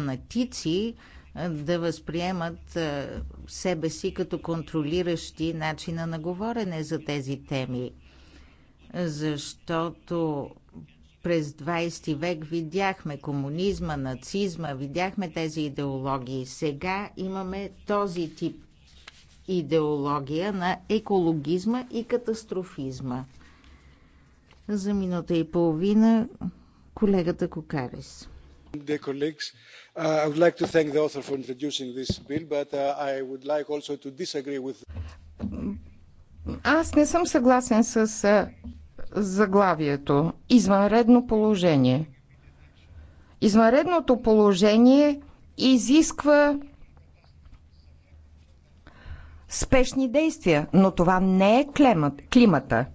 фанатици да възприемат себе си като контролиращи начина на говорене за тези теми. Защото през 20 век видяхме комунизма, нацизма, видяхме тези идеологии. Сега имаме този тип идеология на екологизма и катастрофизма. За минута и половина колегата Кокарис. Uh, I would like to thank the author for introducing this bill, but uh, I would like also to disagree with. Аз не съм съгласен с uh, заглавието. Извънредно положение. Извънредното положение изисква спешни действия, но това не е климат, климата.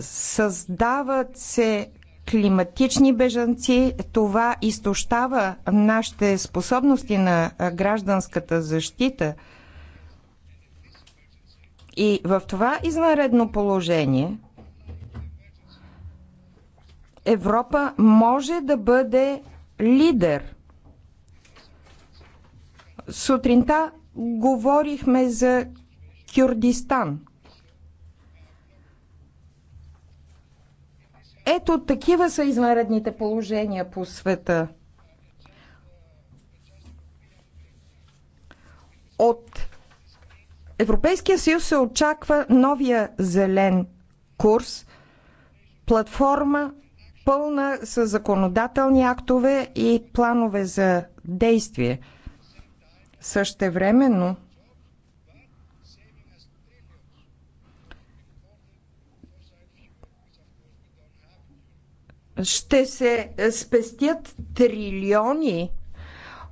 Създават се климатични бежанци. Това изтощава нашите способности на гражданската защита. И в това извънредно положение Европа може да бъде лидер. Сутринта говорихме за Кюрдистан – Ето такива са извънредните положения по света. От Европейския съюз се очаква новия зелен курс, платформа пълна с законодателни актове и планове за действие. Същевременно ще се спестят трилиони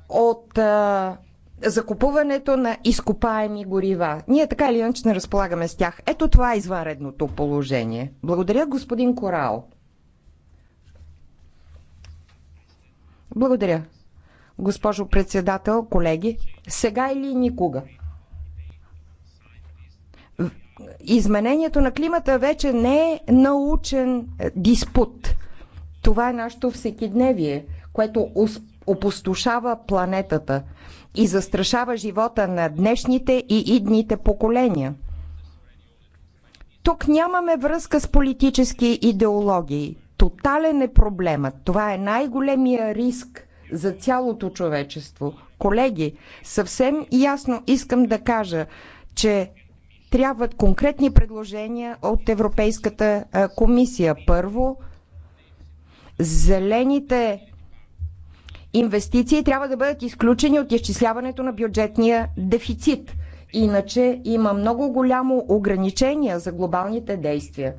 от а, закупуването на изкопаеми горива. Ние така или иначе не разполагаме с тях. Ето това е извънредното положение. Благодаря, господин Корал. Благодаря. Госпожо председател, колеги, сега или никога. Изменението на климата вече не е научен диспут. Това е нашето всекидневие, което опустошава планетата и застрашава живота на днешните и идните поколения. Тук нямаме връзка с политически идеологии. Тотален е проблемът. Това е най-големия риск за цялото човечество. Колеги, съвсем ясно искам да кажа, че трябват конкретни предложения от Европейската комисия. Първо, Зелените инвестиции трябва да бъдат изключени от изчисляването на бюджетния дефицит. Иначе има много голямо ограничение за глобалните действия.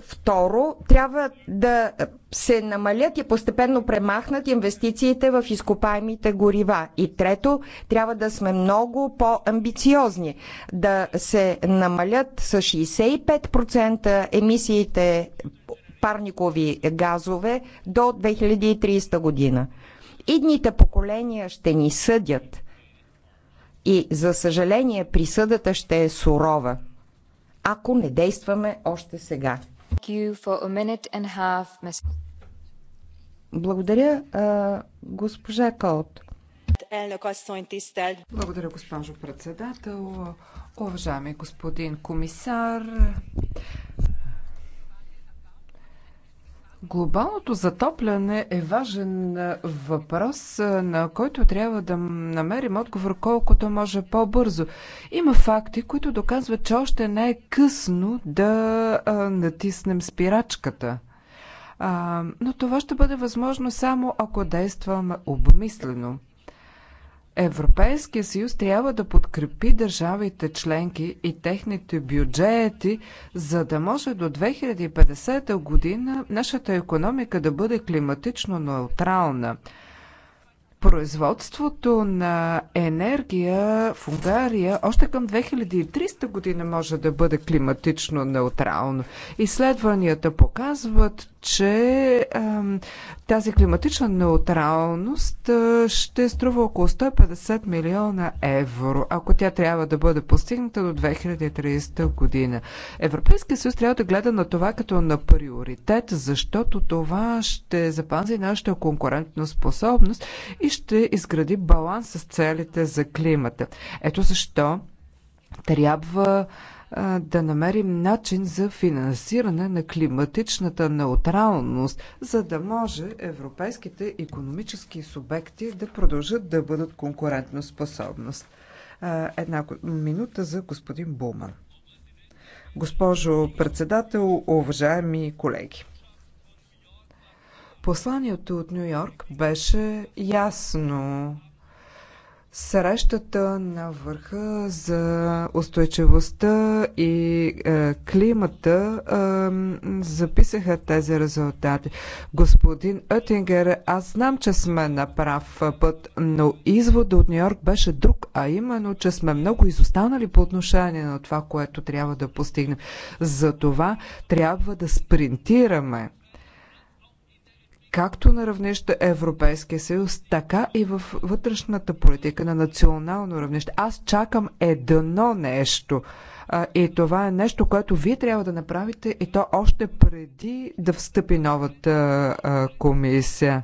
Второ, трябва да се намалят и постепенно премахнат инвестициите в изкопаемите горива. И трето, трябва да сме много по-амбициозни. Да се намалят с 65% емисиите парникови газове до 2030 година. Идните поколения ще ни съдят. И, за съжаление, присъдата ще е сурова, ако не действаме още сега. Благодаря, госпожа Колт. Благодаря, госпожо председател. Уважаеми господин комисар, Глобалното затопляне е важен въпрос, на който трябва да намерим отговор колкото може по-бързо. Има факти, които доказват, че още не е късно да натиснем спирачката. но това ще бъде възможно само ако действаме обмислено. Европейския съюз трябва да подкрепи държавите членки и техните бюджети, за да може до 2050 година нашата економика да бъде климатично неутрална. Производството на енергия в Унгария още към 2300 година може да бъде климатично неутрално. Изследванията показват, че ам, тази климатична неутралност а, ще струва около 150 милиона евро, ако тя трябва да бъде постигната до 2030 година. Европейския съюз трябва да гледа на това като на приоритет, защото това ще запази нашата конкурентна способност и ще изгради баланс с целите за климата. Ето защо трябва да намерим начин за финансиране на климатичната неутралност, за да може европейските економически субекти да продължат да бъдат конкурентно способност. Една минута за господин Буман. Госпожо председател, уважаеми колеги. Посланието от Нью Йорк беше ясно. Срещата на върха за устойчивостта и е, климата е, записаха тези резултати. Господин Оттингер, аз знам, че сме на прав път, но извода от Нью-Йорк беше друг, а именно, че сме много изостанали по отношение на това, което трябва да постигнем. За това трябва да спринтираме както на равнище Европейския съюз, така и в вътрешната политика на национално равнище. Аз чакам едно нещо. И това е нещо, което вие трябва да направите и то още преди да встъпи новата комисия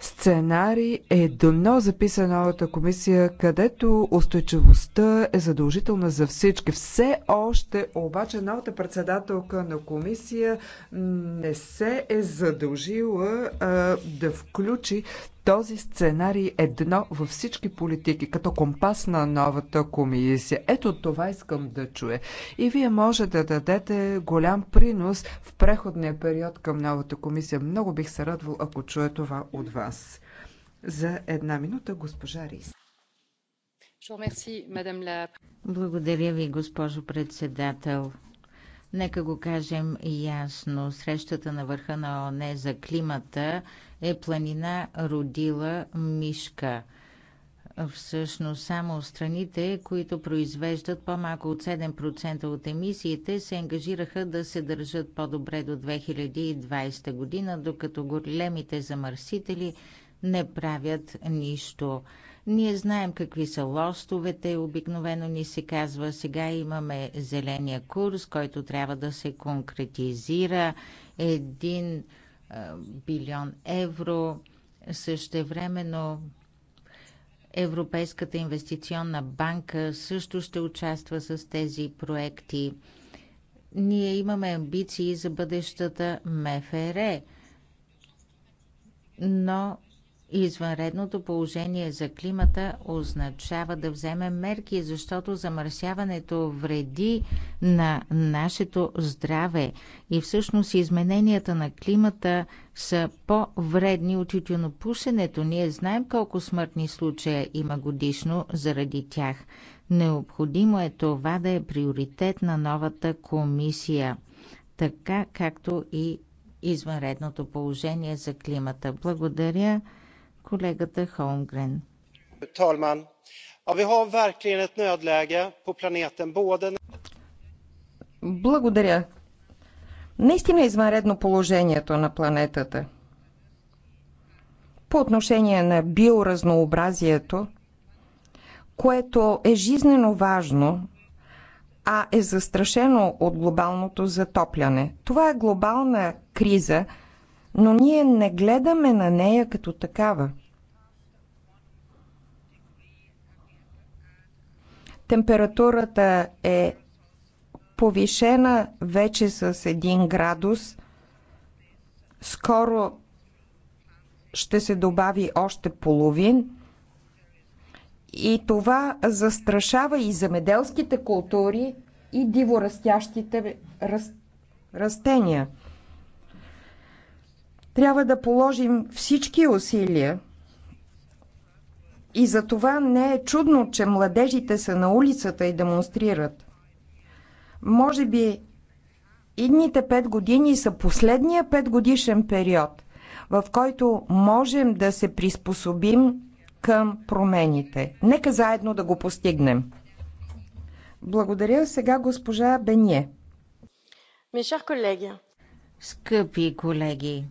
сценарий е дано записан новата комисия, където устойчивостта е задължителна за всички. Все още обаче новата председателка на комисия не се е задължила а, да включи този сценарий е дно във всички политики, като компас на новата комисия. Ето това искам да чуя. И вие може да дадете голям принос в преходния период към новата комисия. Много бих се радвал, ако чуя това от вас. За една минута, госпожа Рис. Благодаря ви, госпожо председател. Нека го кажем ясно. Срещата на върха на ОНЕ за климата е планина родила мишка. Всъщност само страните, които произвеждат по-малко от 7% от емисиите, се ангажираха да се държат по-добре до 2020 година, докато големите замърсители не правят нищо. Ние знаем какви са лостовете, обикновено ни се казва, сега имаме зеления курс, който трябва да се конкретизира. Един е, билион евро. Същевременно Европейската инвестиционна банка също ще участва с тези проекти. Ние имаме амбиции за бъдещата МФР, но Извънредното положение за климата означава да вземем мерки, защото замърсяването вреди на нашето здраве и всъщност измененията на климата са по-вредни от тютюнопушенето. Ние знаем колко смъртни случая има годишно заради тях. Необходимо е това да е приоритет на новата комисия, така както и извънредното положение за климата. Благодаря колегата Холмгрен. Благодаря. Наистина е извънредно положението на планетата. По отношение на биоразнообразието, което е жизнено важно, а е застрашено от глобалното затопляне. Това е глобална криза – но ние не гледаме на нея като такава. Температурата е повишена вече с 1 градус. Скоро ще се добави още половин. И това застрашава и земеделските култури, и диворастящите растения. Трябва да положим всички усилия и за това не е чудно, че младежите са на улицата и демонстрират. Може би идните пет години са последния петгодишен период, в който можем да се приспособим към промените. Нека заедно да го постигнем. Благодаря сега госпожа Бение. Скъпи колеги,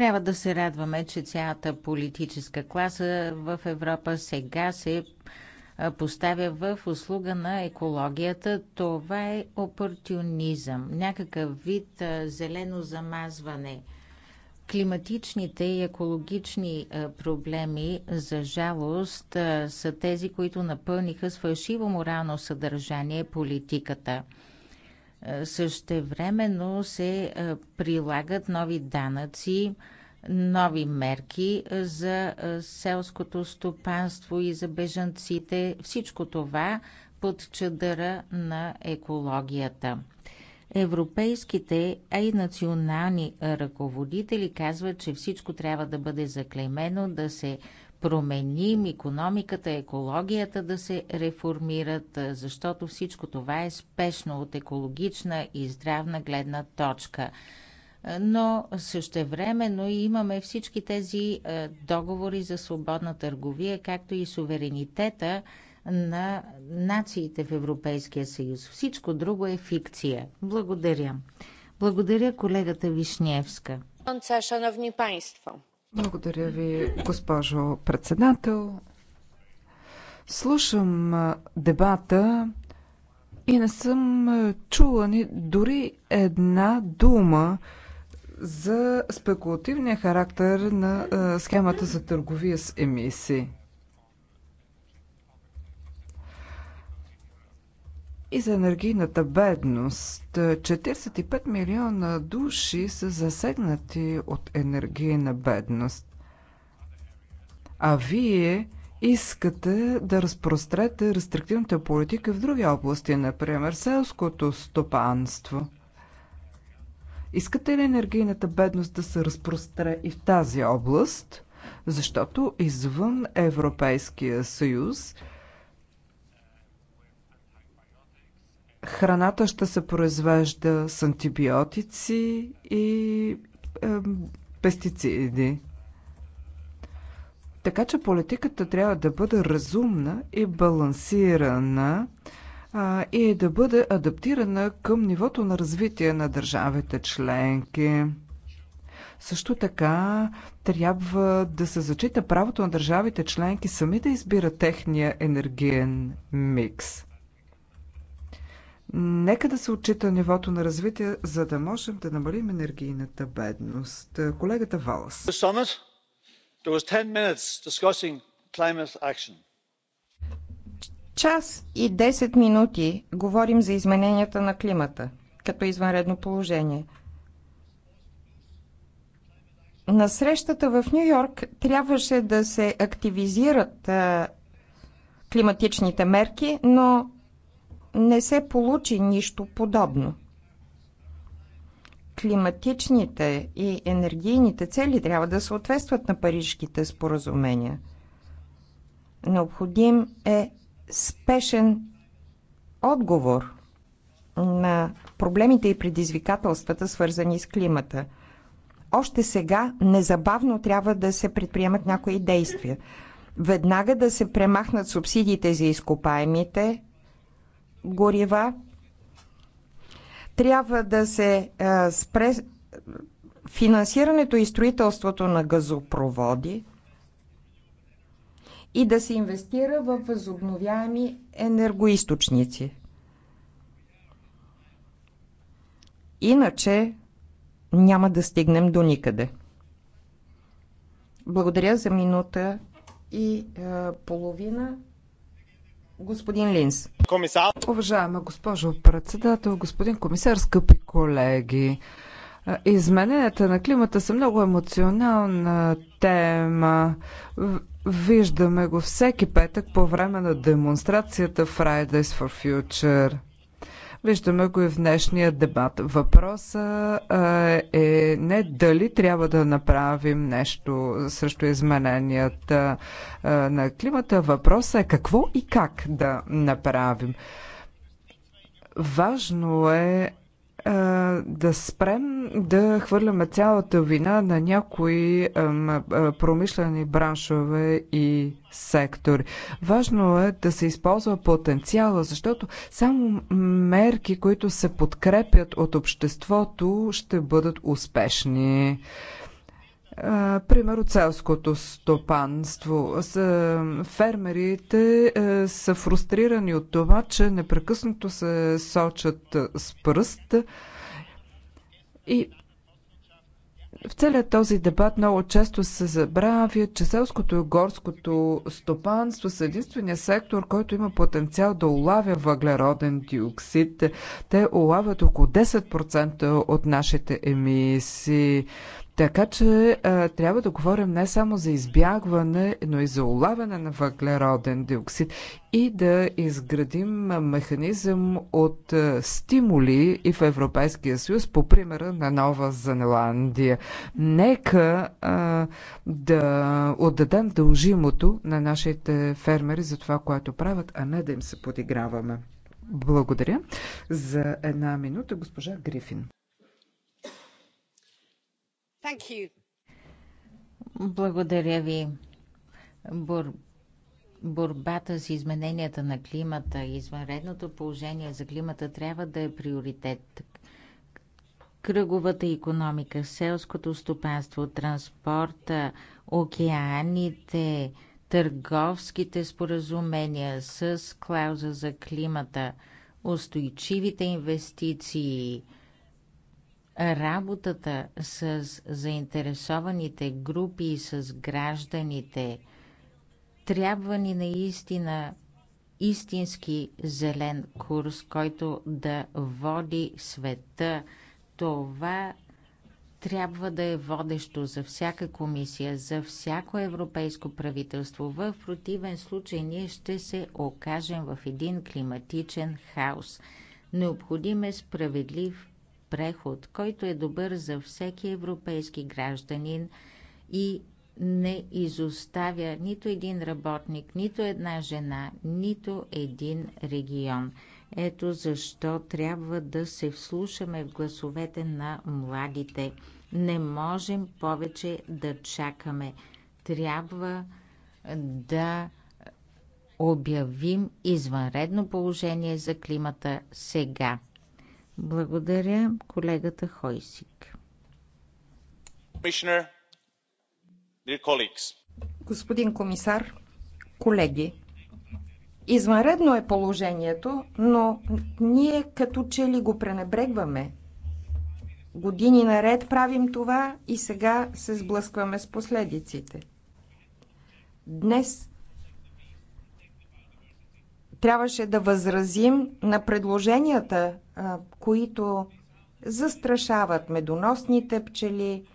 трябва да се радваме, че цялата политическа класа в Европа сега се поставя в услуга на екологията. Това е опортунизъм, някакъв вид зелено замазване. Климатичните и екологични проблеми, за жалост, са тези, които напълниха с фалшиво морално съдържание политиката – Същевременно се е, прилагат нови данъци, нови мерки е, за е, селското стопанство и за бежанците. Всичко това под чадъра на екологията. Европейските, а и национални ръководители казват, че всичко трябва да бъде заклеймено, да се променим економиката, екологията да се реформират, защото всичко това е спешно от екологична и здравна гледна точка. Но същевременно имаме всички тези е, договори за свободна търговия, както и суверенитета на нациите в Европейския съюз. Всичко друго е фикция. Благодаря. Благодаря колегата Вишневска. Шановни благодаря ви, госпожо председател. Слушам дебата и не съм чула ни дори една дума за спекулативния характер на схемата за търговия с емисии. и за енергийната бедност. 45 е, милиона души са засегнати от енергийна бедност. А вие искате да разпрострете рестриктивната политика в други области, например селското стопанство. Искате ли енергийната бедност да се разпростре и в тази област? Защото извън Европейския съюз – храната ще се произвежда с антибиотици и е, пестициди. Така че политиката трябва да бъде разумна и балансирана а, и да бъде адаптирана към нивото на развитие на държавите членки. Също така трябва да се зачита правото на държавите членки сами да избират техния енергиен микс. Нека да се отчита нивото на развитие, за да можем да намалим енергийната бедност. Колегата Валас. Час и 10 минути говорим за измененията на климата като извънредно положение. На срещата в Нью Йорк трябваше да се активизират климатичните мерки, но не се получи нищо подобно. Климатичните и енергийните цели трябва да съответстват на парижките споразумения. Необходим е спешен отговор на проблемите и предизвикателствата, свързани с климата. Още сега незабавно трябва да се предприемат някои действия. Веднага да се премахнат субсидиите за изкопаемите горива. Трябва да се е, спре финансирането и строителството на газопроводи и да се инвестира в възобновяеми енергоисточници. Иначе няма да стигнем до никъде. Благодаря за минута и е, половина. Господин Линс. Комисар. Уважаема госпожо председател, господин комисар, скъпи колеги. Измененията на климата са много емоционална тема. Виждаме го всеки петък по време на демонстрацията Fridays for Future. Виждаме го и в днешния дебат. Въпросът е не дали трябва да направим нещо срещу измененията на климата. Въпросът е какво и как да направим. Важно е е, да спрем да хвърляме цялата вина на някои е, промишлени браншове и сектори. Важно е да се използва потенциала, защото само мерки, които се подкрепят от обществото, ще бъдат успешни пример от селското стопанство. Фермерите са фрустрирани от това, че непрекъснато се сочат с пръст и в целият този дебат много често се забравя, че селското и горското стопанство са единствения сектор, който има потенциал да улавя въглероден диоксид. Те улавят около 10% от нашите емисии. Така че а, трябва да говорим не само за избягване, но и за улавяне на въглероден диоксид и да изградим механизъм от а, стимули и в Европейския съюз, по примера на Нова Зеландия. Нека а, да отдадем дължимото на нашите фермери за това, което правят, а не да им се подиграваме. Благодаря. За една минута госпожа Грифин. Благодаря ви. Бор... Борбата с измененията на климата и извънредното положение за климата трябва да е приоритет. Кръговата економика, селското стопанство, транспорта, океаните, търговските споразумения с клауза за климата, устойчивите инвестиции – Работата с заинтересованите групи и с гражданите трябва ни наистина истински зелен курс, който да води света. Това трябва да е водещо за всяка комисия, за всяко европейско правителство. В противен случай ние ще се окажем в един климатичен хаос. Необходим е справедлив преход, който е добър за всеки европейски гражданин и не изоставя нито един работник, нито една жена, нито един регион. Ето защо трябва да се вслушаме в гласовете на младите. Не можем повече да чакаме. Трябва да обявим извънредно положение за климата сега. Благодаря, колегата Хойсик. Господин комисар, колеги, извънредно е положението, но ние като че ли го пренебрегваме. Години наред правим това и сега се сблъскваме с последиците. Днес трябваше да възразим на предложенията които застрашават медоносните пчели,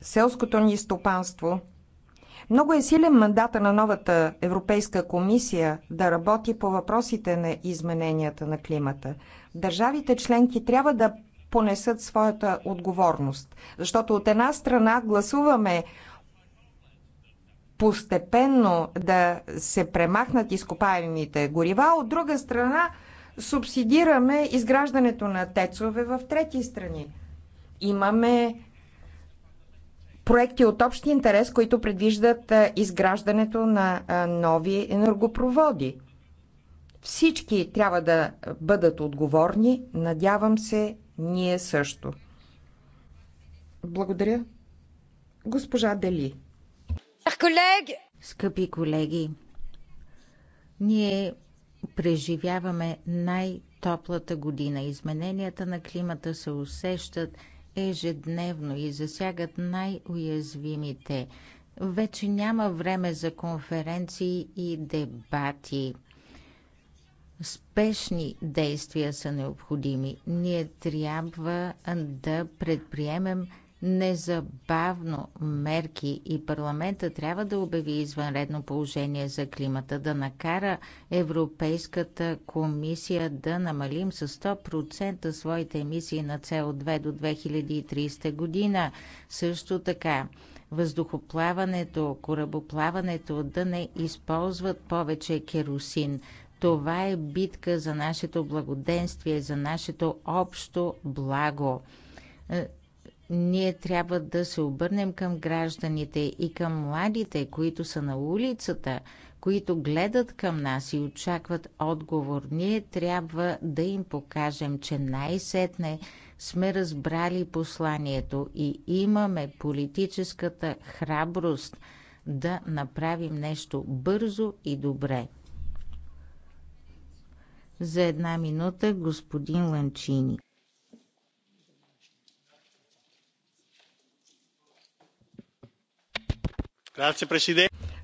селското ни стопанство. Много е силен мандата на новата Европейска комисия да работи по въпросите на измененията на климата. Държавите членки трябва да понесат своята отговорност, защото от една страна гласуваме постепенно да се премахнат изкопаемите горива, от друга страна субсидираме изграждането на тецове в трети страни. Имаме проекти от общ интерес, които предвиждат изграждането на нови енергопроводи. Всички трябва да бъдат отговорни. Надявам се, ние също. Благодаря. Госпожа Дели. Скъпи колеги, ние преживяваме най-топлата година. Измененията на климата се усещат ежедневно и засягат най-уязвимите. Вече няма време за конференции и дебати. Спешни действия са необходими. Ние трябва да предприемем незабавно мерки и парламента трябва да обяви извънредно положение за климата, да накара Европейската комисия да намалим с 100% своите емисии на CO2 до 2030 година. Също така, въздухоплаването, корабоплаването да не използват повече керосин. Това е битка за нашето благоденствие, за нашето общо благо е, ние трябва да се обърнем към гражданите и към младите, които са на улицата, които гледат към нас и очакват отговор. Ние трябва да им покажем, че най-сетне сме разбрали посланието и имаме политическата храброст да направим нещо бързо и добре. За една минута господин Ланчини.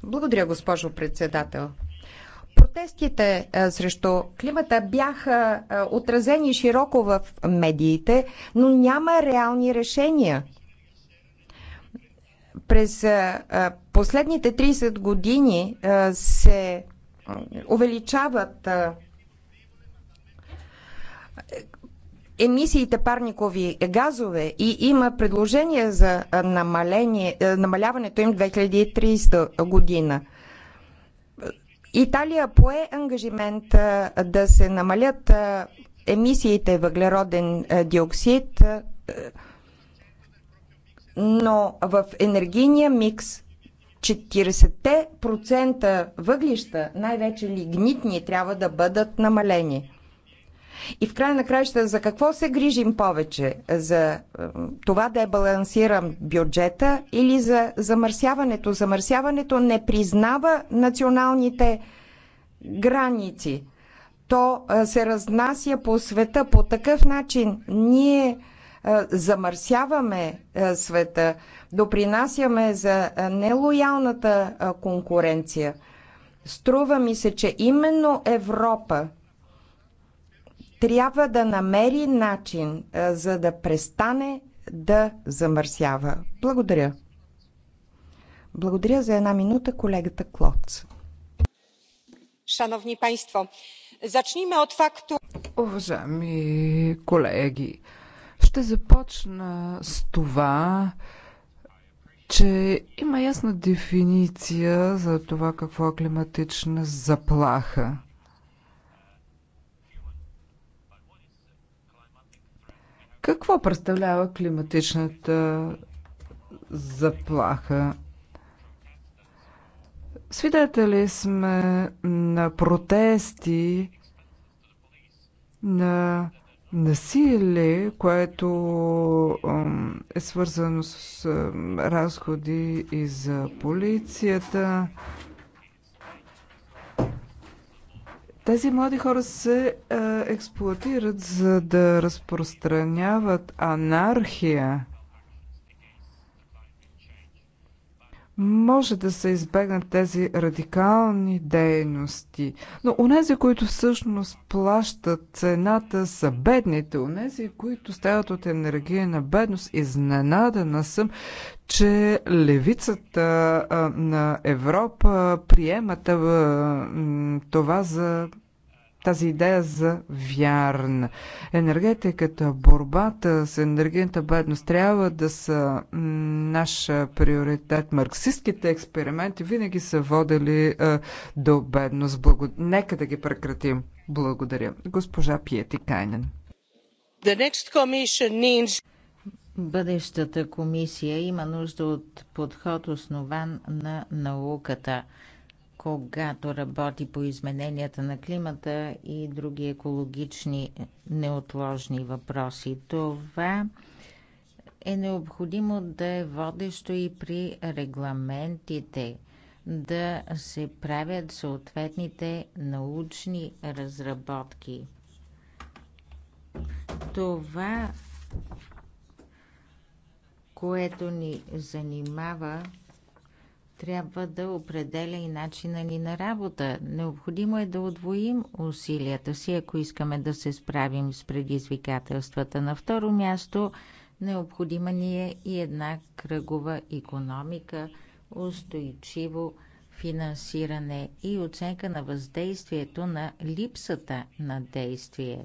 Благодаря, госпожо председател. Протестите е, срещу климата бяха е, отразени широко в медиите, но няма реални решения. През е, последните 30 години се увеличават емисиите парникови газове и има предложение за намаление, намаляването им 2030 година. Италия пое ангажимент да се намалят емисиите въглероден диоксид, но в енергийния микс 40% въглища, най-вече лигнитни, трябва да бъдат намалени. И в края на краища, за какво се грижим повече? За това да е балансиран бюджета или за замърсяването? Замърсяването не признава националните граници. То се разнася по света по такъв начин. Ние замърсяваме света, допринасяме за нелоялната конкуренция. Струва ми се, че именно Европа трябва да намери начин, за да престане да замърсява. Благодаря. Благодаря за една минута колегата Клоц. Шановни панство, зачниме от факту... Уважаеми колеги, ще започна с това, че има ясна дефиниция за това какво е климатична заплаха. Какво представлява климатичната заплаха? Свидетели сме на протести, на насилие, което е свързано с разходи и за полицията, Тези млади хора се а, е, експлуатират, за да разпространяват анархия. може да се избегнат тези радикални дейности. Но унези, които всъщност плащат цената са бедните, унези, които стават от енергия на бедност. Изненадана съм, че левицата на Европа приемат това за тази идея за вярна. Енергетиката, борбата с енергийната бедност трябва да са наш приоритет. Марксистските експерименти винаги са водили а, до бедност. Благо... Нека да ги прекратим. Благодаря. Госпожа Пиети Кайнен. The next commission needs... Бъдещата комисия има нужда от подход основан на науката когато работи по измененията на климата и други екологични неотложни въпроси. Това е необходимо да е водещо и при регламентите да се правят съответните научни разработки. Това, което ни занимава трябва да определя и начина ни на работа. Необходимо е да отвоим усилията си, ако искаме да се справим с предизвикателствата. На второ място, необходима ни е и една кръгова економика, устойчиво финансиране и оценка на въздействието на липсата на действие.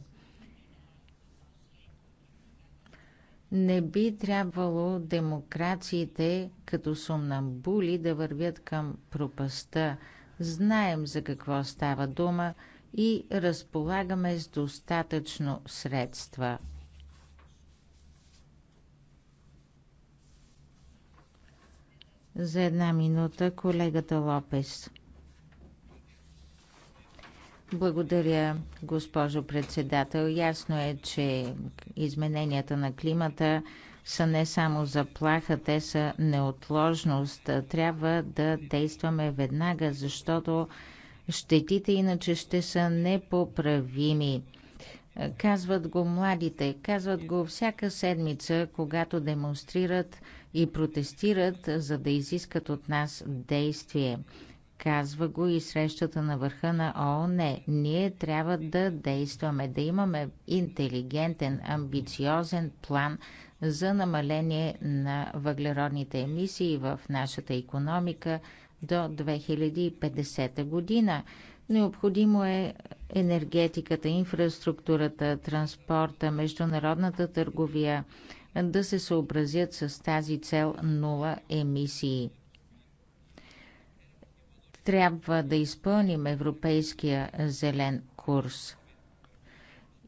Не би трябвало демокрациите като сумнамбули да вървят към пропаста. Знаем за какво става дума и разполагаме с достатъчно средства. За една минута колегата Лопес. Благодаря, госпожо председател. Ясно е, че измененията на климата са не само заплаха, те са неотложност. Трябва да действаме веднага, защото щетите иначе ще са непоправими. Казват го младите, казват го всяка седмица, когато демонстрират и протестират, за да изискат от нас действие. Казва го и срещата на върха на ООН. Ние трябва да действаме, да имаме интелигентен, амбициозен план за намаление на въглеродните емисии в нашата економика до 2050 година. Необходимо е енергетиката, инфраструктурата, транспорта, международната търговия да се съобразят с тази цел нула емисии. Трябва да изпълним европейския зелен курс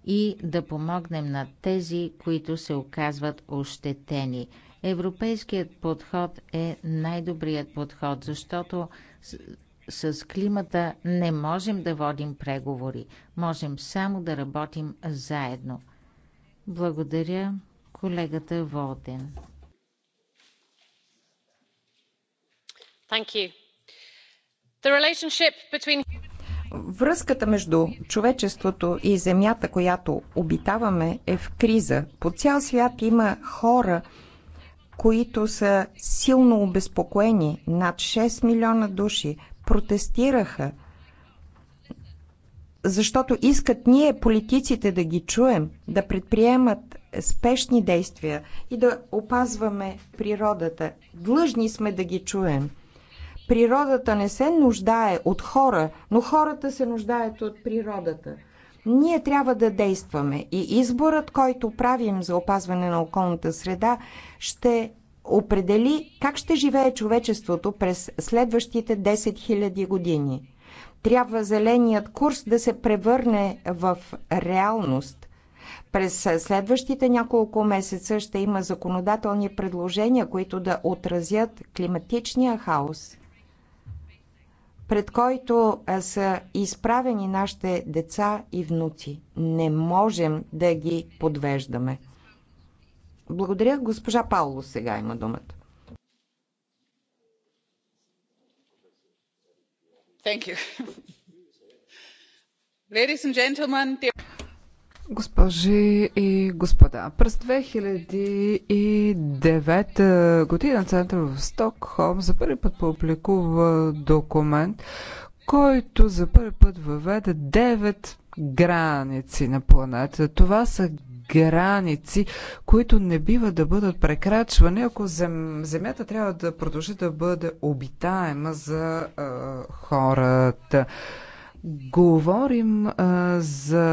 и да помогнем на тези, които се оказват ощетени. Европейският подход е най-добрият подход, защото с климата не можем да водим преговори. Можем само да работим заедно. Благодаря колегата Волден. Thank you. Връзката между човечеството и земята, която обитаваме, е в криза. По цял свят има хора, които са силно обезпокоени. Над 6 милиона души протестираха, защото искат ние, политиците, да ги чуем, да предприемат спешни действия и да опазваме природата. Длъжни сме да ги чуем. Природата не се нуждае от хора, но хората се нуждаят от природата. Ние трябва да действаме и изборът, който правим за опазване на околната среда, ще определи как ще живее човечеството през следващите 10 000 години. Трябва зеленият курс да се превърне в реалност. През следващите няколко месеца ще има законодателни предложения, които да отразят климатичния хаос пред който са изправени нашите деца и внуци. Не можем да ги подвеждаме. Благодаря. Госпожа Пауло сега има думата. Thank you. Ladies and gentlemen, dear... Госпожи и господа, през 2009 година Център в Стокхолм за първи път публикува документ, който за първи път въведе 9 граници на планета. Това са граници, които не бива да бъдат прекрачвани, ако зем, Земята трябва да продължи да бъде обитаема за е, хората. Говорим а, за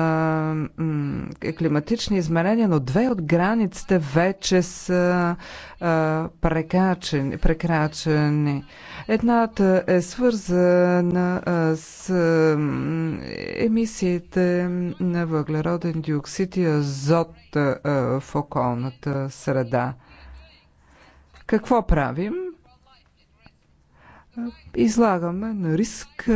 м, климатични изменения, но две от границите вече са а, прекачени, прекрачени. Едната е свързана а, с а, емисиите на въглероден диоксид и азот а, в околната среда. Какво правим? излагаме на риск е,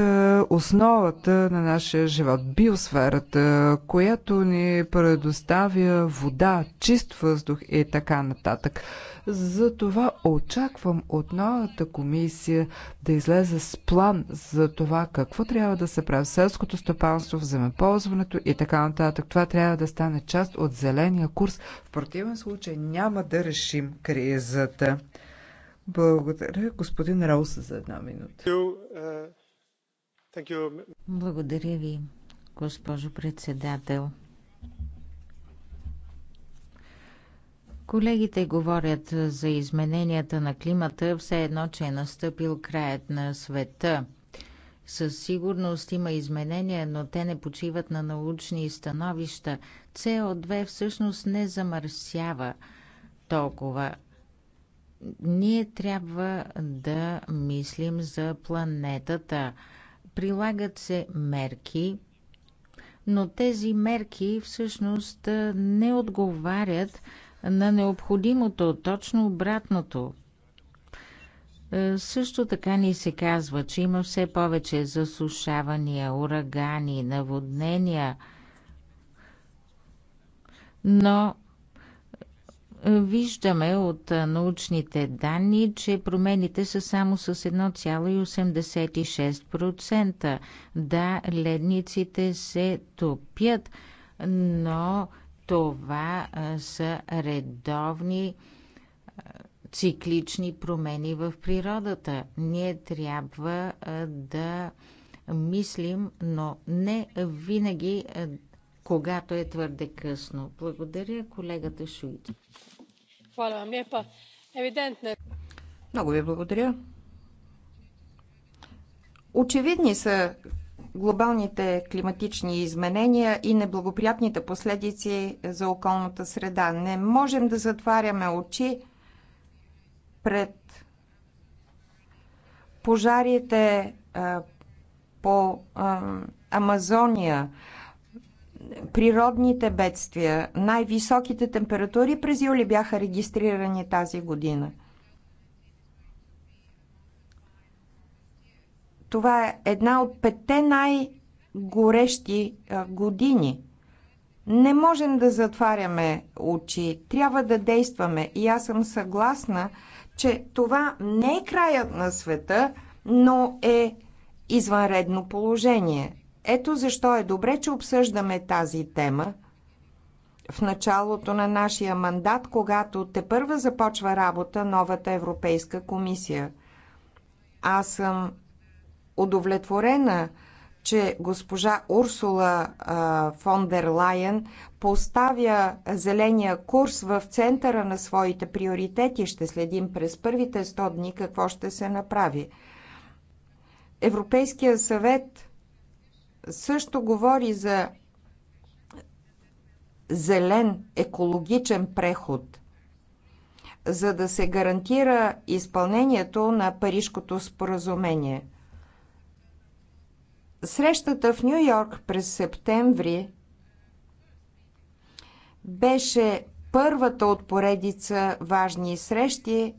основата на нашия живот, биосферата, която ни предоставя вода, чист въздух и така нататък. Затова очаквам от новата комисия да излезе с план за това какво трябва да се прави в селското стопанство, в земеползването и така нататък. Това трябва да стане част от зеления курс. В противен случай няма да решим кризата. Благодаря, господин Роуз, за една минута. Uh, Благодаря ви, госпожо председател. Колегите говорят за измененията на климата, все едно, че е настъпил краят на света. Със сигурност има изменения, но те не почиват на научни становища. CO2 всъщност не замърсява толкова. Ние трябва да мислим за планетата. Прилагат се мерки, но тези мерки всъщност не отговарят на необходимото, точно обратното. Също така ни се казва, че има все повече засушавания, урагани, наводнения, но Виждаме от научните данни, че промените са само с 1,86%. Да, ледниците се топят, но това са редовни циклични промени в природата. Ние трябва да мислим, но не винаги когато е твърде късно. Благодаря колегата Шуит. Много ви благодаря. Очевидни са глобалните климатични изменения и неблагоприятните последици за околната среда. Не можем да затваряме очи пред пожарите по Амазония, природните бедствия. Най-високите температури през юли бяха регистрирани тази година. Това е една от петте най-горещи години. Не можем да затваряме очи, трябва да действаме. И аз съм съгласна, че това не е краят на света, но е извънредно положение. Ето защо е добре, че обсъждаме тази тема в началото на нашия мандат, когато те първа започва работа новата Европейска комисия. Аз съм удовлетворена, че госпожа Урсула а, фон дер Лайен поставя зеления курс в центъра на своите приоритети. Ще следим през първите 100 дни какво ще се направи. Европейския съвет също говори за зелен екологичен преход, за да се гарантира изпълнението на Парижкото споразумение. Срещата в Нью Йорк през септември беше първата от поредица важни срещи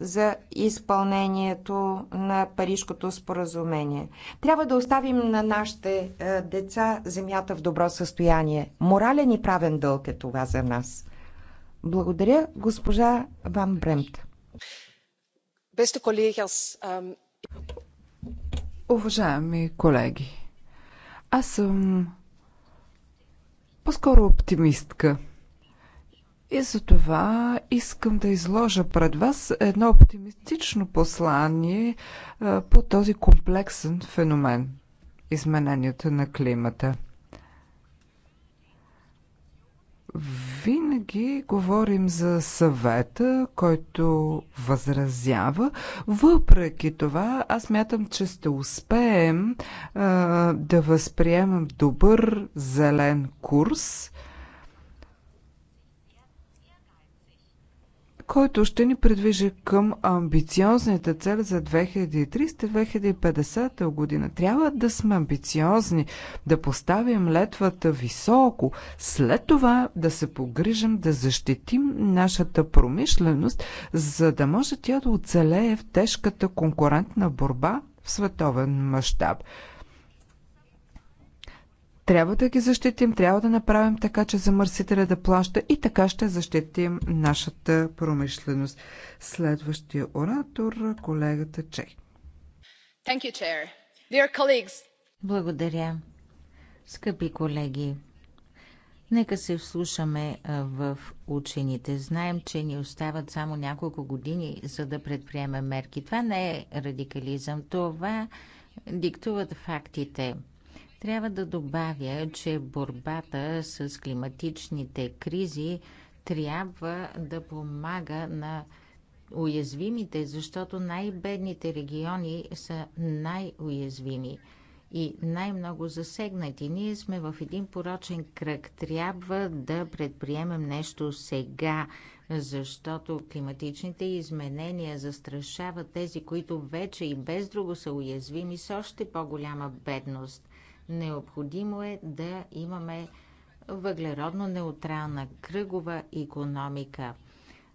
за изпълнението на Парижкото споразумение. Трябва да оставим на нашите е, деца земята в добро състояние. Морален и правен дълг е това за нас. Благодаря, госпожа Ван Бремт. колеги, аз. Уважаеми колеги, аз съм по-скоро оптимистка. И за това искам да изложа пред вас едно оптимистично послание е, по този комплексен феномен – изменението на климата. Винаги говорим за съвета, който възразява. Въпреки това, аз мятам, че ще успеем а, е, да възприемем добър зелен курс – който ще ни предвижи към амбициозните цели за 2300-2050 година. Трябва да сме амбициозни, да поставим летвата високо, след това да се погрижим да защитим нашата промишленост, за да може тя да оцелее в тежката конкурентна борба в световен мащаб. Трябва да ги защитим, трябва да направим така, че замърсителя да плаща и така ще защитим нашата промишленост. Следващия оратор, колегата Чей. Благодаря. Скъпи колеги, нека се вслушаме в учените. Знаем, че ни остават само няколко години, за да предприемем мерки. Това не е радикализъм, това диктуват фактите – трябва да добавя, че борбата с климатичните кризи трябва да помага на уязвимите, защото най-бедните региони са най-уязвими и най-много засегнати. Ние сме в един порочен кръг. Трябва да предприемем нещо сега, защото климатичните изменения застрашават тези, които вече и без друго са уязвими с още по-голяма бедност. Необходимо е да имаме въглеродно неутрална кръгова економика.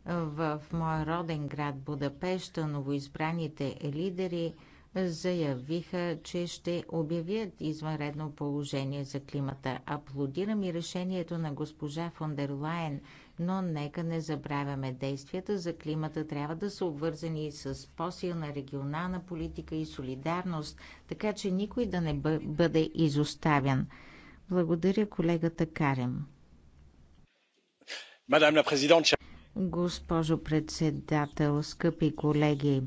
В моя роден град Будапешта новоизбраните лидери заявиха, че ще обявят извънредно положение за климата. Аплодирам и решението на госпожа фон дер Лайен – но нека не забравяме действията за климата трябва да са обвързани с по-силна регионална политика и солидарност, така че никой да не бъде изоставен. Благодаря колегата Карем. Госпожо председател, скъпи колеги,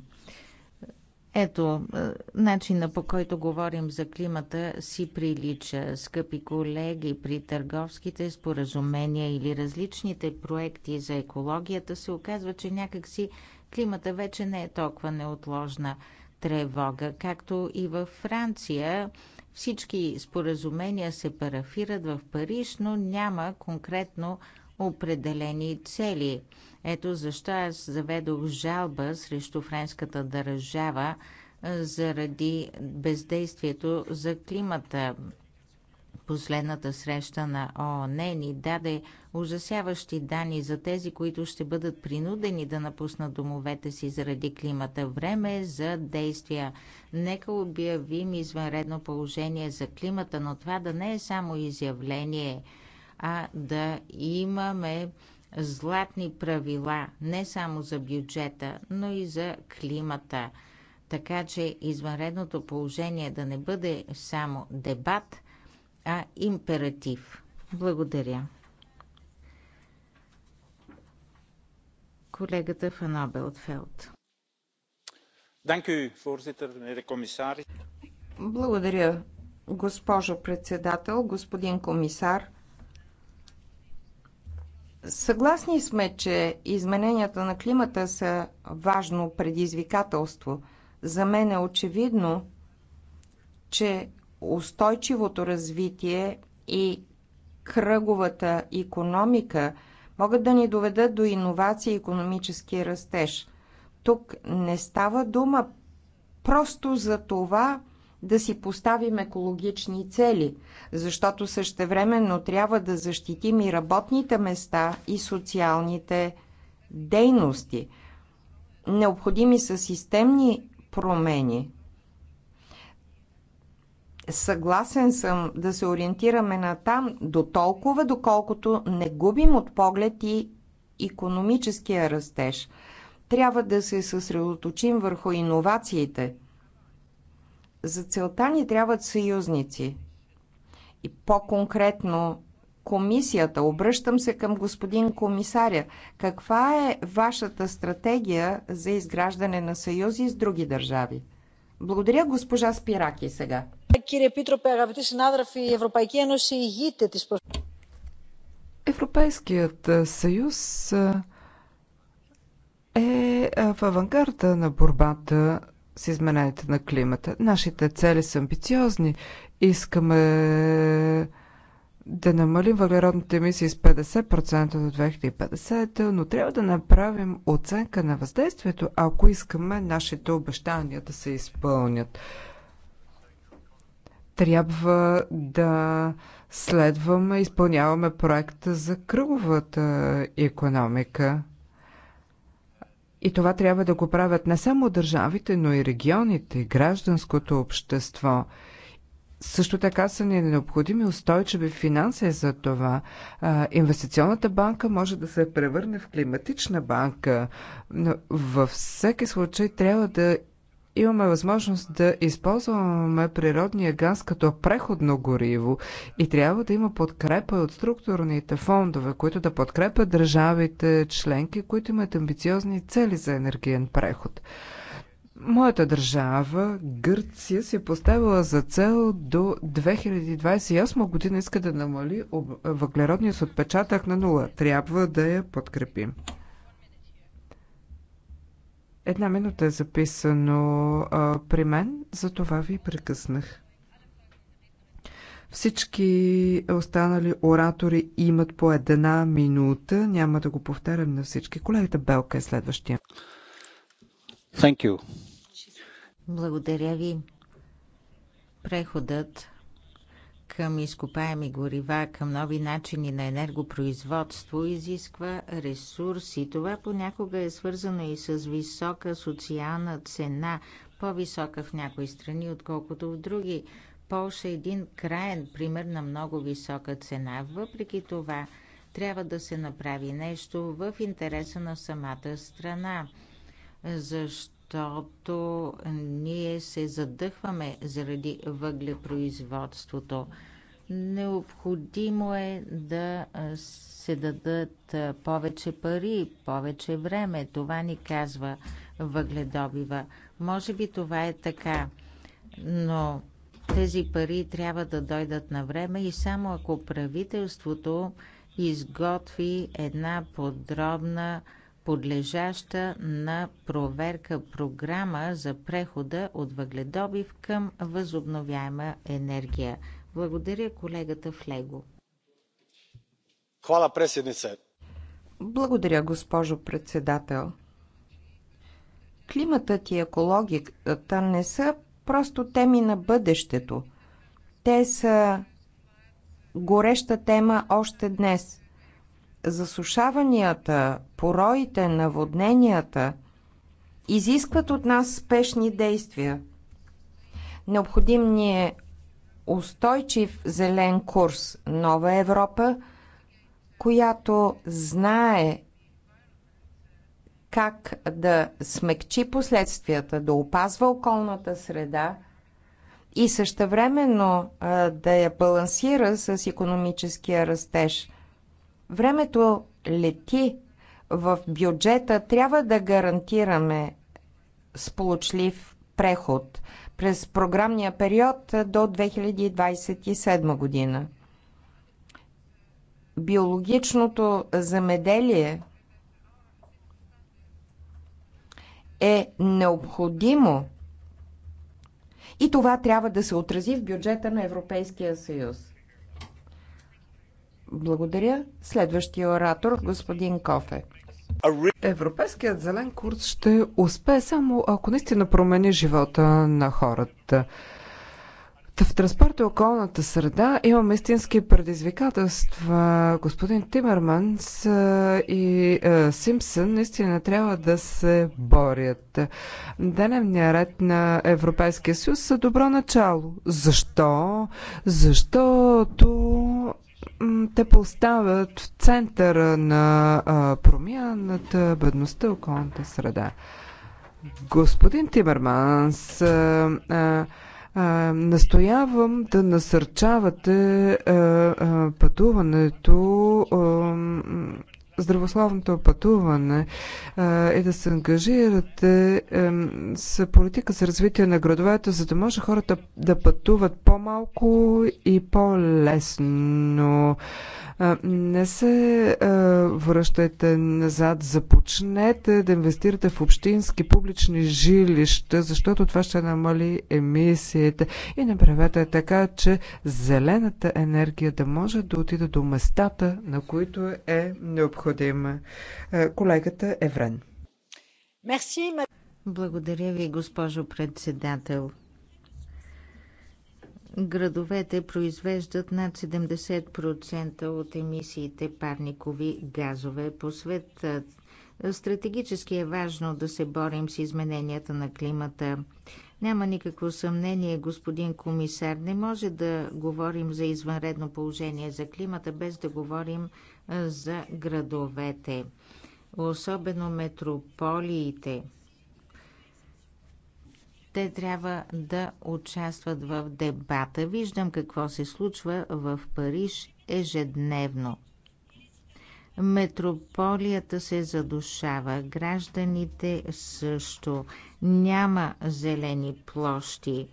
ето, е, начина по който говорим за климата си прилича. Скъпи колеги, при търговските споразумения или различните проекти за екологията се оказва, че някакси климата вече не е толкова неотложна тревога. Както и във Франция, всички споразумения се парафират в Париж, но няма конкретно определени цели. Ето защо аз заведох жалба срещу френската държава заради бездействието за климата. Последната среща на ООН ни даде ужасяващи данни за тези, които ще бъдат принудени да напуснат домовете си заради климата. Време е за действия. Нека обявим извънредно положение за климата, но това да не е само изявление, а да имаме златни правила не само за бюджета, но и за климата. Така че извънредното положение да не бъде само дебат, а императив. Благодаря. Колегата Фанобелтфелд. Благодаря, госпожо председател, господин комисар. Съгласни сме, че измененията на климата са важно предизвикателство. За мен е очевидно, че устойчивото развитие и кръговата економика могат да ни доведат до иновации и економически растеж. Тук не става дума просто за това да си поставим екологични цели, защото същевременно трябва да защитим и работните места и социалните дейности. Необходими са системни промени. Съгласен съм да се ориентираме на там до толкова, доколкото не губим от поглед и економическия растеж. Трябва да се съсредоточим върху иновациите – за целта ни трябват съюзници. И по-конкретно комисията. Обръщам се към господин комисаря. Каква е вашата стратегия за изграждане на съюзи с други държави? Благодаря госпожа Спираки сега. Европейският съюз е в авангарда на борбата с измененията на климата. Нашите цели са амбициозни. Искаме да намалим въглеродните емисии с 50% до 2050, но трябва да направим оценка на въздействието, ако искаме нашите обещания да се изпълнят. Трябва да следваме, изпълняваме проекта за кръговата економика. И това трябва да го правят не само държавите, но и регионите, гражданското общество. Също така са ни необходими устойчиви финанси за това. инвестиционната банка може да се превърне в климатична банка, но във всеки случай трябва да имаме възможност да използваме природния газ като преходно гориво и трябва да има подкрепа от структурните фондове, които да подкрепят държавите членки, които имат амбициозни цели за енергиен преход. Моята държава, Гърция, си е поставила за цел до 2028 година иска да намали въглеродния отпечатък на нула. Трябва да я подкрепим. Една минута е записано а, при мен, за това ви прекъснах. Всички останали оратори имат по една минута. Няма да го повтарям на всички. Колегата Белка е следващия. Thank you. Благодаря ви. Преходът към изкопаеми горива, към нови начини на енергопроизводство изисква ресурси. Това понякога е свързано и с висока социална цена, по-висока в някои страни, отколкото в други. Полша е един краен пример на много висока цена. Въпреки това, трябва да се направи нещо в интереса на самата страна. Защо? защото ние се задъхваме заради въглепроизводството. Необходимо е да се дадат повече пари, повече време. Това ни казва въгледобива. Може би това е така, но тези пари трябва да дойдат на време и само ако правителството изготви една подробна подлежаща на проверка програма за прехода от въгледобив към възобновяема енергия. Благодаря колегата Флего. Хвала пресjednice. Благодаря, госпожо председател. Климатът и екологията не са просто теми на бъдещето. Те са гореща тема още днес – засушаванията, пороите, наводненията изискват от нас спешни действия. Необходим ни е устойчив зелен курс, нова Европа, която знае как да смекчи последствията, да опазва околната среда и същевременно да я балансира с економическия растеж – Времето лети в бюджета. Трябва да гарантираме сполучлив преход през програмния период до 2027 година. Биологичното замеделие е необходимо и това трябва да се отрази в бюджета на Европейския съюз. Благодаря. Следващия оратор, господин Кофе. Европейският зелен курс ще успее само ако наистина промени живота на хората. В транспорта и околната среда имаме истински предизвикателства. Господин Тимерманс и Симпсън наистина трябва да се борят. Деневния ред на Европейския съюз са е добро начало. Защо? Защото те поставят в центъра на промяната, бедността, околната среда. Господин Тимерманс, а, а, а, настоявам да насърчавате а, а, пътуването а, здравословното пътуване и да се ангажирате с политика за развитие на градовете, за да може хората да пътуват по-малко и по-лесно. Не се връщайте назад, започнете да инвестирате в общински публични жилища, защото това ще намали емисиите и направете така, че зелената енергия да може да отиде до местата, на които е необходима. Колегата Еврен. Благодаря ви, госпожо председател. Градовете произвеждат над 70% от емисиите парникови газове по света. Стратегически е важно да се борим с измененията на климата. Няма никакво съмнение, господин комисар, не може да говорим за извънредно положение за климата без да говорим за градовете, особено метрополиите – те трябва да участват в дебата. Виждам какво се случва в Париж ежедневно. Метрополията се задушава, гражданите също. Няма зелени площи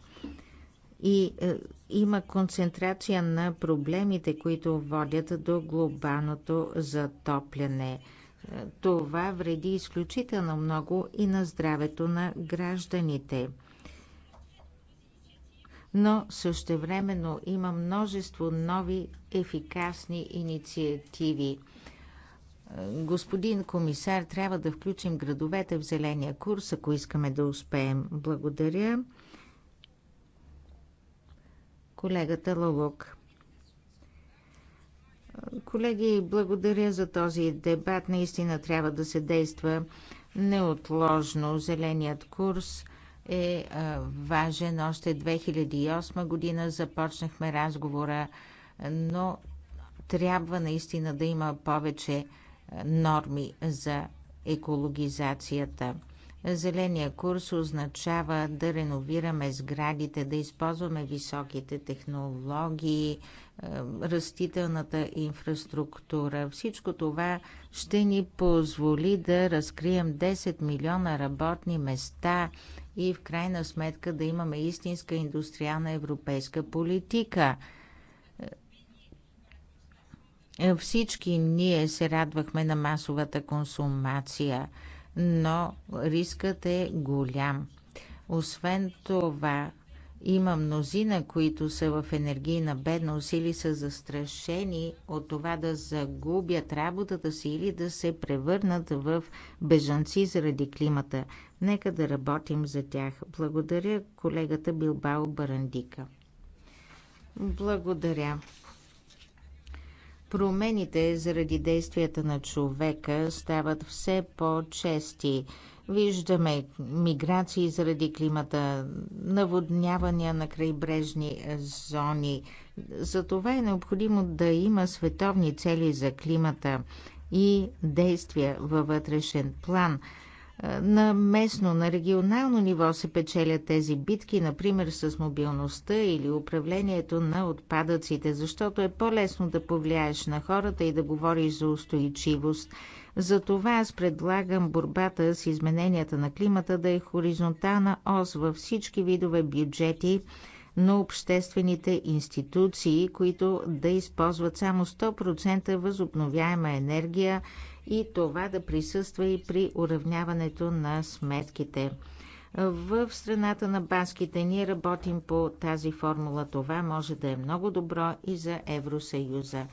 и е, има концентрация на проблемите, които водят до глобалното затопляне. Е, това вреди изключително много и на здравето на гражданите но същевременно има множество нови ефикасни инициативи. Господин комисар, трябва да включим градовете в зеления курс, ако искаме да успеем. Благодаря. Колегата Лалук. Колеги, благодаря за този дебат. Наистина трябва да се действа неотложно. Зеленият курс – е важен. Още 2008 година започнахме разговора, но трябва наистина да има повече норми за екологизацията. Зеления курс означава да реновираме сградите, да използваме високите технологии, е, растителната инфраструктура. Всичко това ще ни позволи да разкрием 10 милиона работни места и в крайна сметка да имаме истинска индустриална европейска политика. Е, всички ние се радвахме на масовата консумация, но рискът е голям. Освен това, има мнозина, които са в енергийна бедност или са застрашени от това да загубят работата си или да се превърнат в бежанци заради климата. Нека да работим за тях. Благодаря колегата Билбао Барандика. Благодаря. Промените заради действията на човека стават все по-чести. Виждаме миграции заради климата, наводнявания на крайбрежни зони. това е необходимо да има световни цели за климата и действия във вътрешен план. На местно, на регионално ниво се печелят тези битки, например с мобилността или управлението на отпадъците, защото е по-лесно да повлияеш на хората и да говориш за устойчивост затова аз предлагам борбата с измененията на климата да е хоризонтална ос във всички видове бюджети на обществените институции, които да използват само 100% възобновяема енергия и това да присъства и при уравняването на сметките. В страната на баските ние работим по тази формула. Това може да е много добро и за Евросъюза.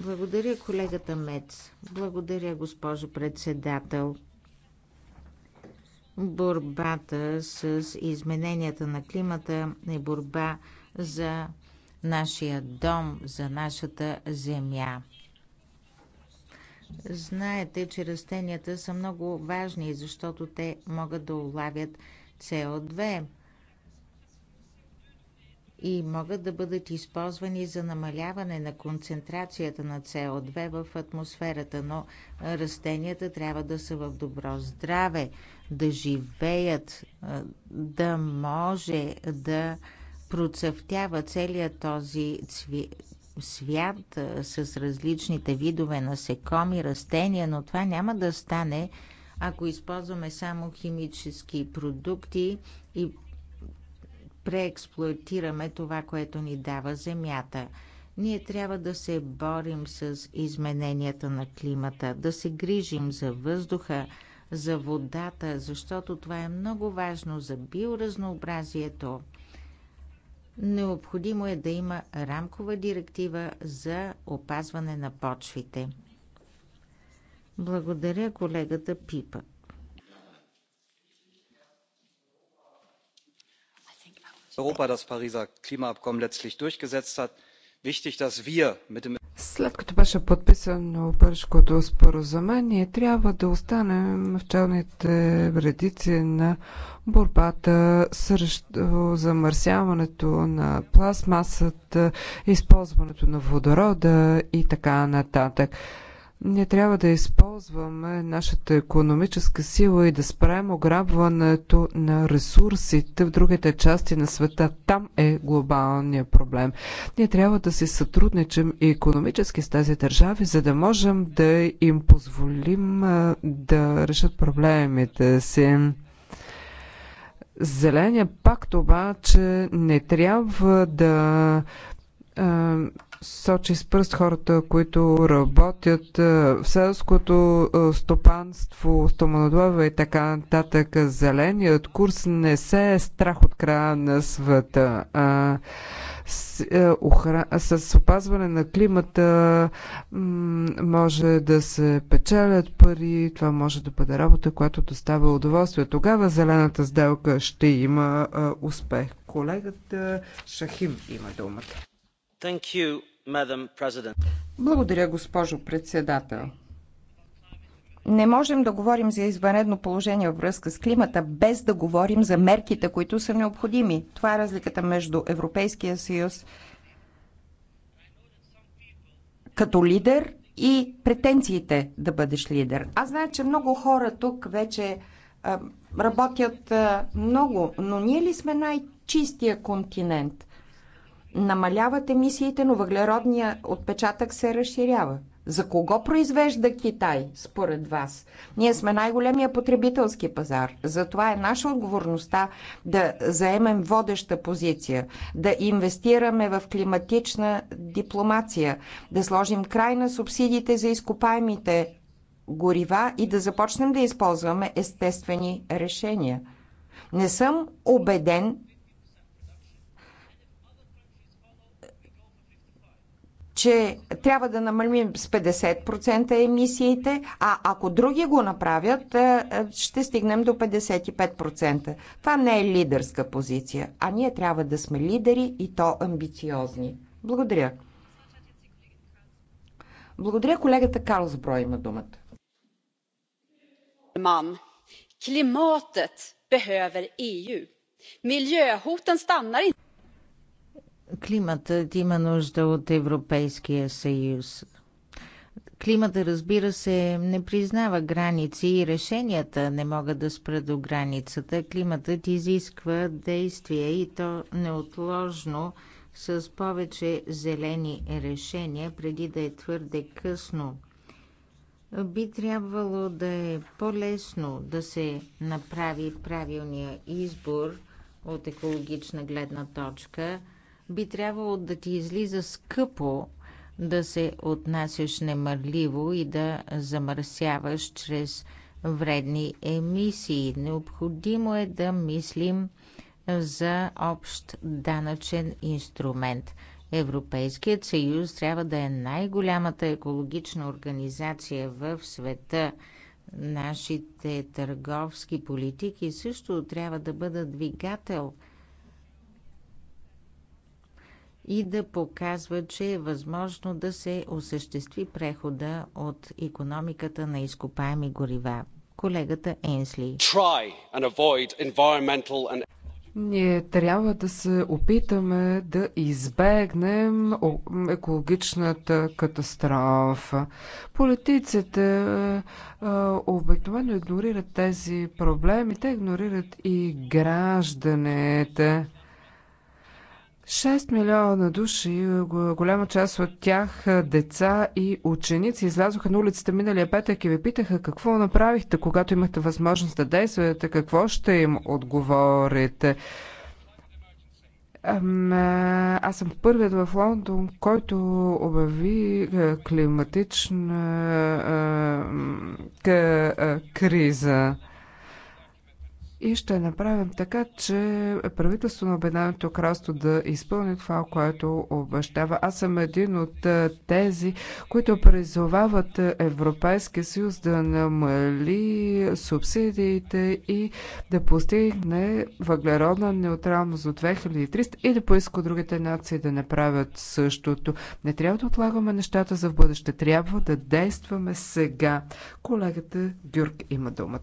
Благодаря колегата Мец. Благодаря госпожо председател. Борбата с измененията на климата е борба за нашия дом, за нашата земя. Знаете, че растенията са много важни, защото те могат да улавят со 2 и могат да бъдат използвани за намаляване на концентрацията на CO2 в атмосферата, но растенията трябва да са в добро здраве, да живеят, да може да процъфтява целият този цви... свят с различните видове насекоми, растения, но това няма да стане ако използваме само химически продукти и преексплуатираме това, което ни дава Земята. Ние трябва да се борим с измененията на климата, да се грижим за въздуха, за водата, защото това е много важно за биоразнообразието. Необходимо е да има рамкова директива за опазване на почвите. Благодаря колегата Пипък. europa das pariser klimaabkommen letztlich durchgesetzt hat wichtig dass wir mit dem след като беше подписано Парижкото споразумение, трябва да останем в челните редици на борбата срещу замърсяването на пластмасата, използването на водорода и така нататък. Ние трябва да използваме нашата економическа сила и да спрем ограбването на ресурсите в другите части на света. Там е глобалният проблем. Ние трябва да си сътрудничим и економически с тези държави, за да можем да им позволим да решат проблемите си. Зеления пакт обаче не трябва да е, сочи с пръст хората, които работят е, в селското е, стопанство, стоманодоева и така нататък. Зеленият курс не се е страх от края на света. А, с, е, охра... с опазване на климата може да се печелят пари, това може да бъде работа, която доставя удоволствие. Тогава зелената сделка ще има а, успех. Колегата Шахим има думата. Благодаря, госпожо председател. Не можем да говорим за извънредно положение във връзка с климата, без да говорим за мерките, които са необходими. Това е разликата между Европейския съюз като лидер и претенциите да бъдеш лидер. Аз знае, че много хора тук вече а, работят а, много, но ние ли сме най-чистия континент? намаляват емисиите, но въглеродния отпечатък се разширява. За кого произвежда Китай, според вас? Ние сме най-големия потребителски пазар. Затова е наша отговорността да заемем водеща позиция, да инвестираме в климатична дипломация, да сложим край на субсидиите за изкопаемите горива и да започнем да използваме естествени решения. Не съм убеден, че трябва да намалим с 50% емисиите, а ако други го направят, е, е, ще стигнем до 55%. Това не е лидерска позиция, а ние трябва да сме лидери и то амбициозни. Благодаря. Благодаря колегата брой има думата. Man. Klimatet behöver EU. Miljöhoten stannar inte Климатът има нужда от Европейския съюз. Климата, разбира се, не признава граници и решенията не могат да спрат до границата. Климатът изисква действие и то неотложно с повече зелени решения, преди да е твърде късно. Би трябвало да е по-лесно да се направи правилния избор от екологична гледна точка – би трябвало да ти излиза скъпо да се отнасяш немърливо и да замърсяваш чрез вредни емисии. Необходимо е да мислим за общ данъчен инструмент. Европейският съюз трябва да е най-голямата екологична организация в света. Нашите търговски политики също трябва да бъдат двигател и да показва, че е възможно да се осъществи прехода от економиката на изкопаеми горива. Колегата Енсли. Ние трябва да се опитаме да избегнем екологичната катастрофа. Политиците е, е, обикновено игнорират тези проблеми, те игнорират и гражданите. 6 милиона души, голяма част от тях е, деца и ученици, излязоха на улицата миналия петък и ви питаха какво направихте, когато имахте възможност да действате, какво ще им отговорите. Е, аз съм първият в Лондон, който обяви е, климатична криза и ще направим така, че правителство на Обединеното кралство да изпълни това, което обещава. Аз съм един от тези, които призовават Европейския съюз да намали субсидиите и да постигне въглеродна неутралност до 2300 и да поиска другите нации да направят същото. Не трябва да отлагаме нещата за в бъдеще. Трябва да действаме сега. Колегата Гюрк има думата.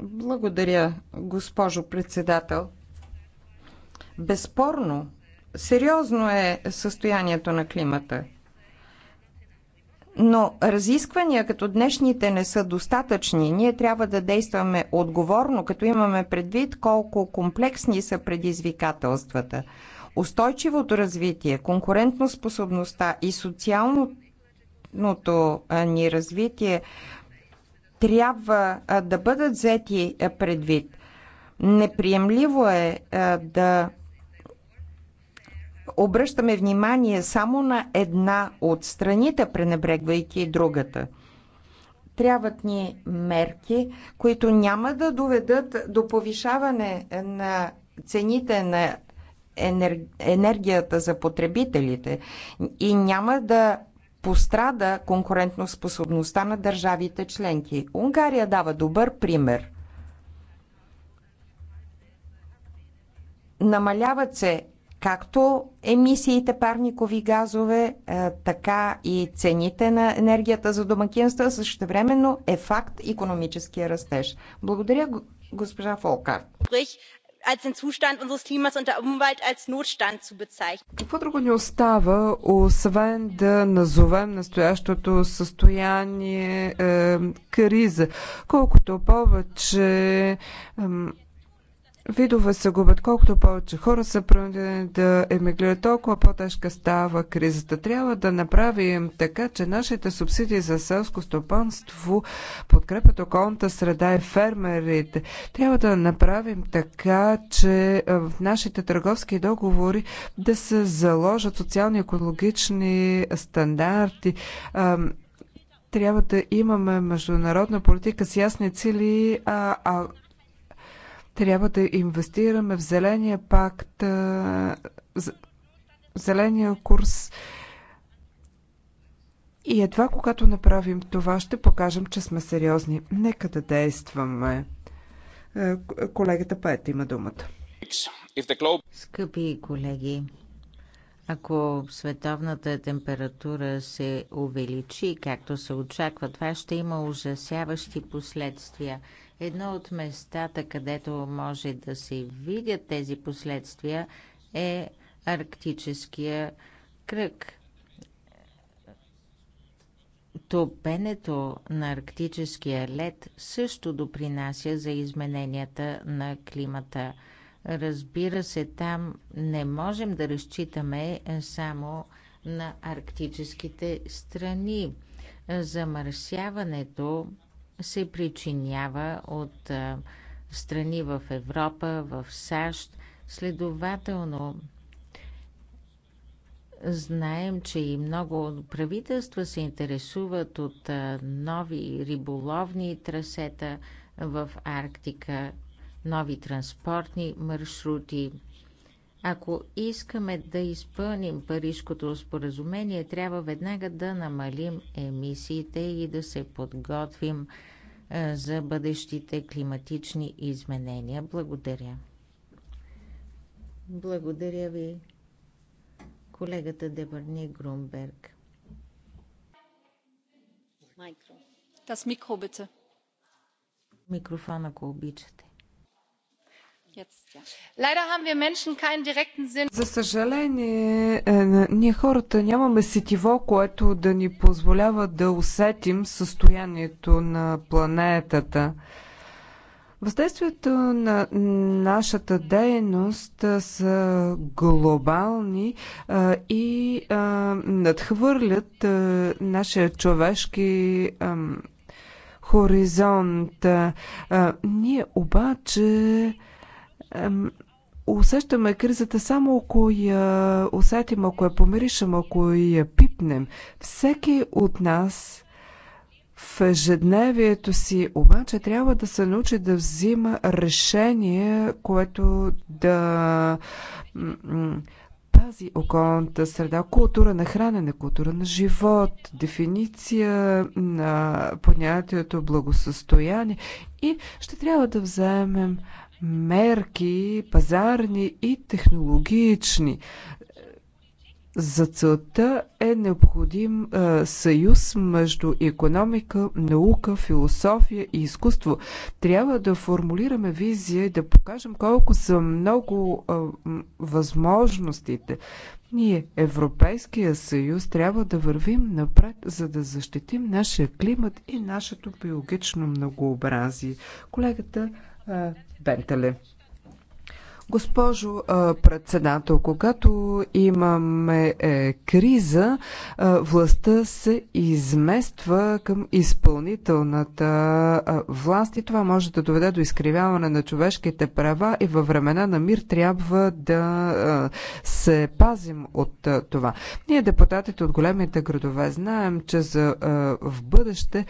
Благодаря, госпожо председател. Безспорно, сериозно е състоянието на климата. Но разисквания като днешните не са достатъчни. Ние трябва да действаме отговорно, като имаме предвид колко комплексни са предизвикателствата. Устойчивото развитие, конкурентоспособността и социалното ни развитие трябва да бъдат взети предвид. Неприемливо е да обръщаме внимание само на една от страните, пренебрегвайки другата. Трябват ни мерки, които няма да доведат до повишаване на цените на енергията за потребителите и няма да пострада конкурентоспособността на държавите членки. Унгария дава добър пример. Намаляват се както емисиите парникови газове, е, така и цените на енергията за домакинства, същевременно е факт економическия растеж. Благодаря, госпожа Фолкарт als als den Zustand unseres Klimas und der Umwelt Notstand zu bezeichnen. Какво друго ни остава, освен да назовем настоящото състояние е, криза? Колкото повече е, Видове се губят, колкото повече хора са принудени да емигрират, толкова по-тежка става кризата. Трябва да направим така, че нашите субсидии за селско стопанство подкрепят околната среда и фермерите. Трябва да направим така, че в нашите търговски договори да се заложат и екологични стандарти трябва да имаме международна политика с ясни цели, а, а трябва да инвестираме в зеления пакт, зеления курс. И едва когато направим това, ще покажем, че сме сериозни. Нека да действаме. Е, колегата Пет има думата. Скъпи колеги, ако световната температура се увеличи, както се очаква, това ще има ужасяващи последствия – Едно от местата, където може да се видят тези последствия е арктическия кръг. Топенето на арктическия лед също допринася за измененията на климата. Разбира се, там не можем да разчитаме само на арктическите страни. Замърсяването се причинява от страни в Европа, в САЩ. Следователно, знаем, че и много правителства се интересуват от нови риболовни трасета в Арктика, нови транспортни маршрути – ако искаме да изпълним Парижското споразумение, трябва веднага да намалим емисиите и да се подготвим е, за бъдещите климатични изменения. Благодаря. Благодаря ви, колегата Дебърни Грунберг. Микрофон, ако обичате. За съжаление, е, ние хората нямаме сетиво, което да ни позволява да усетим състоянието на планетата. Въздействието на нашата дейност е, са глобални а, е, и а, надхвърлят а, нашия човешки а, хоризонт. А, ние обаче усещаме кризата само ако я е, усетим, ако я помиришем, ако я пипнем. Всеки от нас в ежедневието си обаче трябва да се научи да взима решение, което да пази околната среда, култура на хранене, култура на живот, дефиниция на понятието благосъстояние и ще трябва да вземем мерки, пазарни и технологични. За целта е необходим а, съюз между економика, наука, философия и изкуство. Трябва да формулираме визия и да покажем колко са много а, възможностите. Ние, Европейския съюз, трябва да вървим напред, за да защитим нашия климат и нашето биологично многообразие. Колегата Бентеле. Госпожо председател, когато имаме е, криза, е, властта се измества към изпълнителната е, власт и това може да доведе до изкривяване на човешките права и във времена на мир трябва да се пазим от това. Ние, депутатите от големите градове, знаем, че за в бъдеще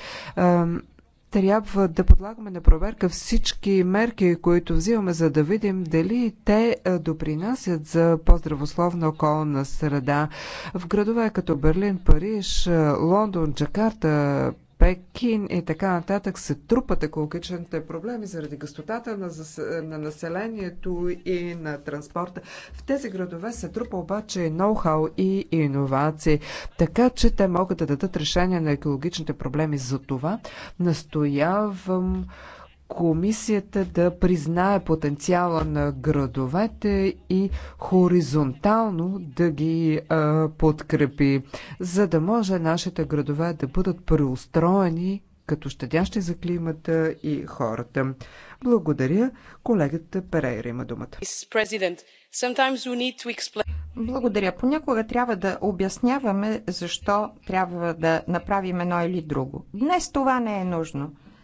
трябва да подлагаме на проверка всички мерки, които взимаме, за да видим дали те е, допринасят за по-здравословна околна среда. В градове като Берлин, Париж, е, Лондон, Джакарта, Пекин и така нататък се трупат екологичните проблеми заради гъстотата на, зас... на населението и на транспорта. В тези градове се трупа обаче и ноу-хау и иновации, така че те могат да дадат решение на екологичните проблеми. За това настоявам комисията да признае потенциала на градовете и хоризонтално да ги а, подкрепи, за да може нашите градове да бъдат преустроени като щадящи за климата и хората. Благодаря. Колегата Перейра има думата. Благодаря. Понякога трябва да обясняваме защо трябва да направим едно или друго. Днес това не е нужно.